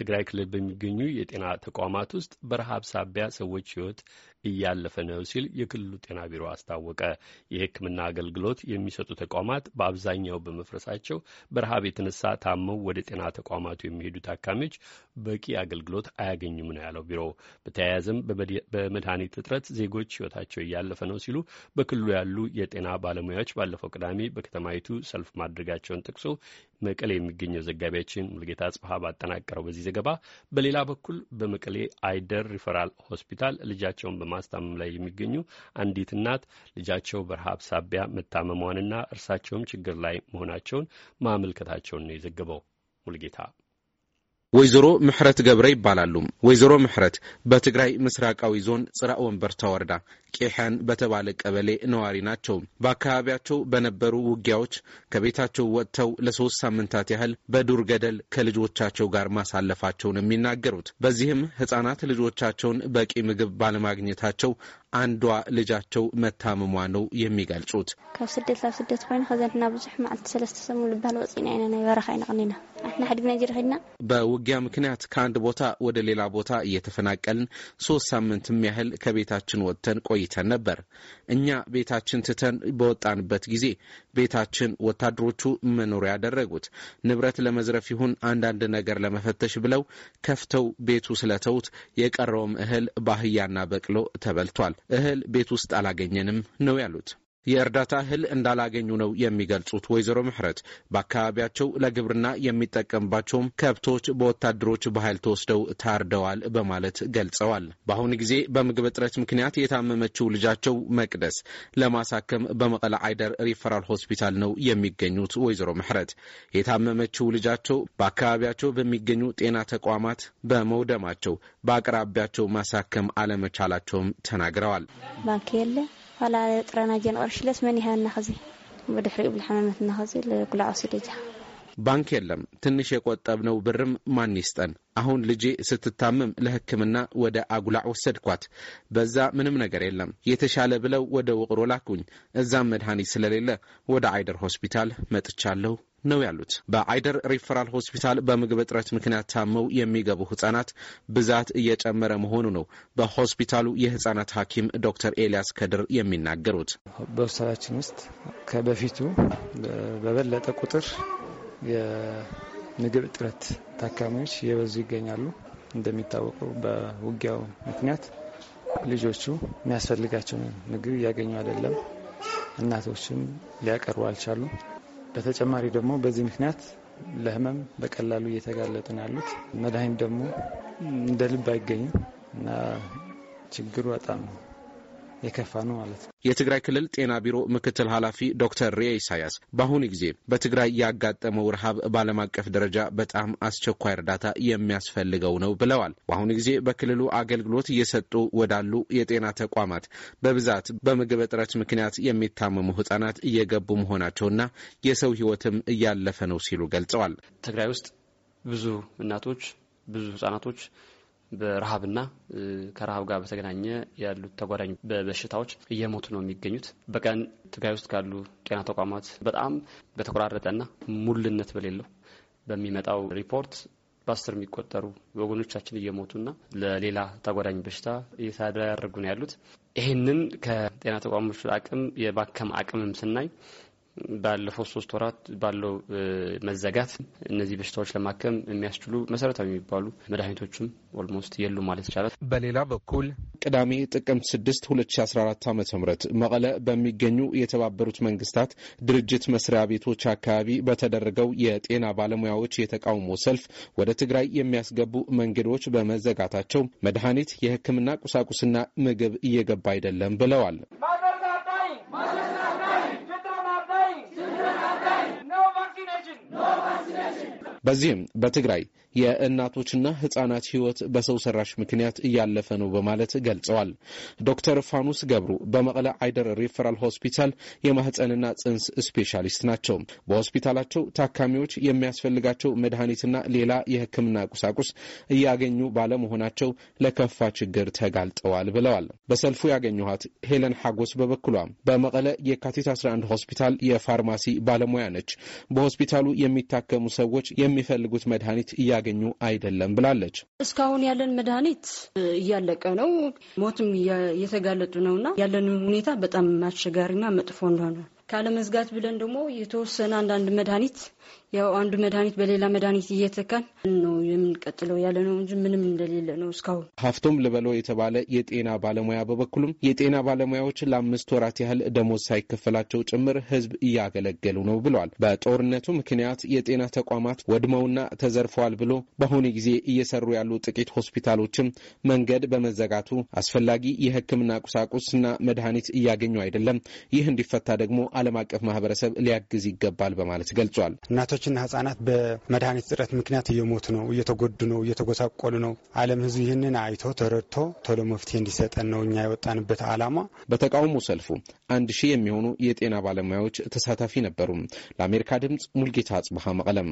በትግራይ ክልል በሚገኙ የጤና ተቋማት ውስጥ በረሃብ ሳቢያ ሰዎች ሕይወት እያለፈ ነው ሲል የክልሉ ጤና ቢሮ አስታወቀ። የሕክምና አገልግሎት የሚሰጡ ተቋማት በአብዛኛው በመፍረሳቸው በረሃብ የተነሳ ታመው ወደ ጤና ተቋማቱ የሚሄዱ ታካሚዎች በቂ አገልግሎት አያገኙም ነው ያለው ቢሮ በተያያዘም በመድኃኒት እጥረት ዜጎች ሕይወታቸው እያለፈ ነው ሲሉ በክልሉ ያሉ የጤና ባለሙያዎች ባለፈው ቅዳሜ በከተማይቱ ሰልፍ ማድረጋቸውን ጠቅሶ መቀሌ የሚገኘው ዘጋቢያችን ሙልጌታ አጽብሃ ባጠናቀረው በዚህ ዘገባ። በሌላ በኩል በመቀሌ አይደር ሪፈራል ሆስፒታል ልጃቸውን በማስታመም ላይ የሚገኙ አንዲት እናት ልጃቸው በረሃብ ሳቢያ መታመሟንና እርሳቸውም ችግር ላይ መሆናቸውን ማመልከታቸውን ነው የዘገበው ሙልጌታ ወይዘሮ ምሕረት ገብረ ይባላሉ። ወይዘሮ ምሕረት በትግራይ ምስራቃዊ ዞን ጽራእ ወንበርታ ወረዳ ቄሐን በተባለ ቀበሌ ነዋሪ ናቸው። በአካባቢያቸው በነበሩ ውጊያዎች ከቤታቸው ወጥተው ለሶስት ሳምንታት ያህል በዱር ገደል ከልጆቻቸው ጋር ማሳለፋቸውን የሚናገሩት በዚህም ሕጻናት ልጆቻቸውን በቂ ምግብ ባለማግኘታቸው አንዷ ልጃቸው መታመሟ ነው የሚገልጹት። ካብ ስደት ካብ ስደት ኮይኑ ከዘንትና ብዙሕ መዓልቲ ሰለስተ ሰሙን ዝበሃል ወፂና ኢና ናይ በረኻ ኢና በውጊያ ምክንያት ከአንድ ቦታ ወደ ሌላ ቦታ እየተፈናቀልን ሶስት ሳምንትም ያህል ከቤታችን ወጥተን ቆይተን ነበር። እኛ ቤታችን ትተን በወጣንበት ጊዜ ቤታችን ወታደሮቹ መኖሪያ ያደረጉት ንብረት ለመዝረፍ ይሁን አንዳንድ ነገር ለመፈተሽ ብለው ከፍተው ቤቱ ስለተውት የቀረውም እህል በአህያና በቅሎ ተበልቷል። እህል ቤት ውስጥ አላገኘንም ነው ያሉት። የእርዳታ እህል እንዳላገኙ ነው የሚገልጹት ወይዘሮ ምሕረት በአካባቢያቸው ለግብርና የሚጠቀምባቸውም ከብቶች በወታደሮች በኃይል ተወስደው ታርደዋል በማለት ገልጸዋል። በአሁኑ ጊዜ በምግብ እጥረት ምክንያት የታመመችው ልጃቸው መቅደስ ለማሳከም በመቀለ አይደር ሪፈራል ሆስፒታል ነው የሚገኙት። ወይዘሮ ምሕረት የታመመችው ልጃቸው በአካባቢያቸው በሚገኙ ጤና ተቋማት በመውደማቸው በአቅራቢያቸው ማሳከም አለመቻላቸውም ተናግረዋል። ባንክ የለ ዋላ ጥረናጀ ንቅርሽለስ መን ይሃ እናኸዚ ብድሕሪኡ ብልሓመመት እናኸዚ ልጉላዕ ወሲድ ጃ ባንክ የለም። ትንሽ የቆጠብነው ብርም ማን ይስጠን? አሁን ልጄ ስትታምም ለህክምና ወደ አጉላዕ ወሰድኳት። በዛ ምንም ነገር የለም። የተሻለ ብለው ወደ ውቅሮ ላኩኝ። እዛም መድኃኒት ስለሌለ ወደ አይደር ሆስፒታል መጥቻለሁ ነው ያሉት። በአይደር ሪፈራል ሆስፒታል በምግብ እጥረት ምክንያት ታመው የሚገቡ ህጻናት ብዛት እየጨመረ መሆኑ ነው በሆስፒታሉ የህጻናት ሐኪም ዶክተር ኤልያስ ከድር የሚናገሩት። በሆስፒታላችን ውስጥ ከበፊቱ በበለጠ ቁጥር የምግብ እጥረት ታካሚዎች እየበዙ ይገኛሉ። እንደሚታወቀው በውጊያው ምክንያት ልጆቹ የሚያስፈልጋቸውን ምግብ እያገኙ አይደለም። እናቶችም ሊያቀርቡ አልቻሉ። በተጨማሪ ደግሞ በዚህ ምክንያት ለህመም በቀላሉ እየተጋለጡ ነው ያሉት። መድኃኒት ደግሞ እንደ ልብ አይገኝም እና ችግሩ በጣም ነው። የከፋ ነው ማለት ነው። የትግራይ ክልል ጤና ቢሮ ምክትል ኃላፊ ዶክተር ሪኤ ኢሳያስ በአሁኑ ጊዜ በትግራይ ያጋጠመው ረሃብ በዓለም አቀፍ ደረጃ በጣም አስቸኳይ እርዳታ የሚያስፈልገው ነው ብለዋል። በአሁኑ ጊዜ በክልሉ አገልግሎት እየሰጡ ወዳሉ የጤና ተቋማት በብዛት በምግብ እጥረት ምክንያት የሚታመሙ ህጻናት እየገቡ መሆናቸውና የሰው ህይወትም እያለፈ ነው ሲሉ ገልጸዋል። ትግራይ ውስጥ ብዙ እናቶች፣ ብዙ ህጻናቶች በረሃብና ከረሃብ ጋር በተገናኘ ያሉት ተጓዳኝ በበሽታዎች እየሞቱ ነው የሚገኙት። በቀን ትግራይ ውስጥ ካሉ ጤና ተቋማት በጣም በተቆራረጠና ሙልነት በሌለው በሚመጣው ሪፖርት በአስር የሚቆጠሩ ወገኖቻችን እየሞቱና ለሌላ ተጓዳኝ በሽታ እየተዳረጉ ነው ያሉት። ይህንን ከጤና ተቋሞች አቅም የባከም አቅምም ስናይ ባለፈው ሶስት ወራት ባለው መዘጋት እነዚህ በሽታዎች ለማከም የሚያስችሉ መሰረታዊ የሚባሉ መድኃኒቶችም ኦልሞስት የሉ ማለት ይቻላል። በሌላ በኩል ቅዳሜ ጥቅምት 6 2014 ዓ ም መቀለ በሚገኙ የተባበሩት መንግስታት ድርጅት መስሪያ ቤቶች አካባቢ በተደረገው የጤና ባለሙያዎች የተቃውሞ ሰልፍ ወደ ትግራይ የሚያስገቡ መንገዶች በመዘጋታቸው መድኃኒት፣ የህክምና ቁሳቁስና ምግብ እየገባ አይደለም ብለዋል። በዚህም በትግራይ የእናቶችና ህጻናት ህይወት በሰው ሰራሽ ምክንያት እያለፈ ነው በማለት ገልጸዋል። ዶክተር ፋኑስ ገብሩ በመቀለ አይደር ሪፈራል ሆስፒታል የማህፀንና ጽንስ ስፔሻሊስት ናቸው። በሆስፒታላቸው ታካሚዎች የሚያስፈልጋቸው መድኃኒትና ሌላ የህክምና ቁሳቁስ እያገኙ ባለመሆናቸው ለከፋ ችግር ተጋልጠዋል ብለዋል። በሰልፉ ያገኘኋት ሄለን ሓጎስ በበኩሏ በመቀለ የካቲት 11 ሆስፒታል የፋርማሲ ባለሙያ ነች። በሆስፒታሉ የሚታከሙ ሰዎች የሚ የሚፈልጉት መድኃኒት እያገኙ አይደለም ብላለች። እስካሁን ያለን መድኃኒት እያለቀ ነው፣ ሞትም እየተጋለጡ ነውና ያለን ሁኔታ በጣም አስቸጋሪና መጥፎ እንደሆነ ካለመዝጋት ብለን ደግሞ የተወሰነ አንዳንድ መድኃኒት ያው አንዱ መድኃኒት በሌላ መድኃኒት እየተካን ነው የምንቀጥለው ያለ ነው እንጂ ምንም እንደሌለ ነው እስካሁን። ሀፍቶም ልበለው የተባለ የጤና ባለሙያ በበኩሉም የጤና ባለሙያዎች ለአምስት ወራት ያህል ደሞዝ ሳይከፈላቸው ጭምር ህዝብ እያገለገሉ ነው ብለዋል። በጦርነቱ ምክንያት የጤና ተቋማት ወድመውና ተዘርፈዋል ብሎ በአሁኑ ጊዜ እየሰሩ ያሉ ጥቂት ሆስፒታሎችም መንገድ በመዘጋቱ አስፈላጊ የህክምና ቁሳቁስና መድኃኒት እያገኙ አይደለም። ይህ እንዲፈታ ደግሞ ዓለም አቀፍ ማህበረሰብ ሊያግዝ ይገባል በማለት ገልጿል። እናቶችና ህጻናት በመድኃኒት እጥረት ምክንያት እየሞቱ ነው፣ እየተጎዱ ነው፣ እየተጎሳቆሉ ነው። ዓለም ህዝብ ይህንን አይቶ ተረድቶ ቶሎ መፍትሄ እንዲሰጠን ነው እኛ የወጣንበት አላማ በተቃውሞ ሰልፉ አንድ ሺህ የሚሆኑ የጤና ባለሙያዎች ተሳታፊ ነበሩ። ለአሜሪካ ድምፅ ሙልጌታ አጽብሃ መቀለም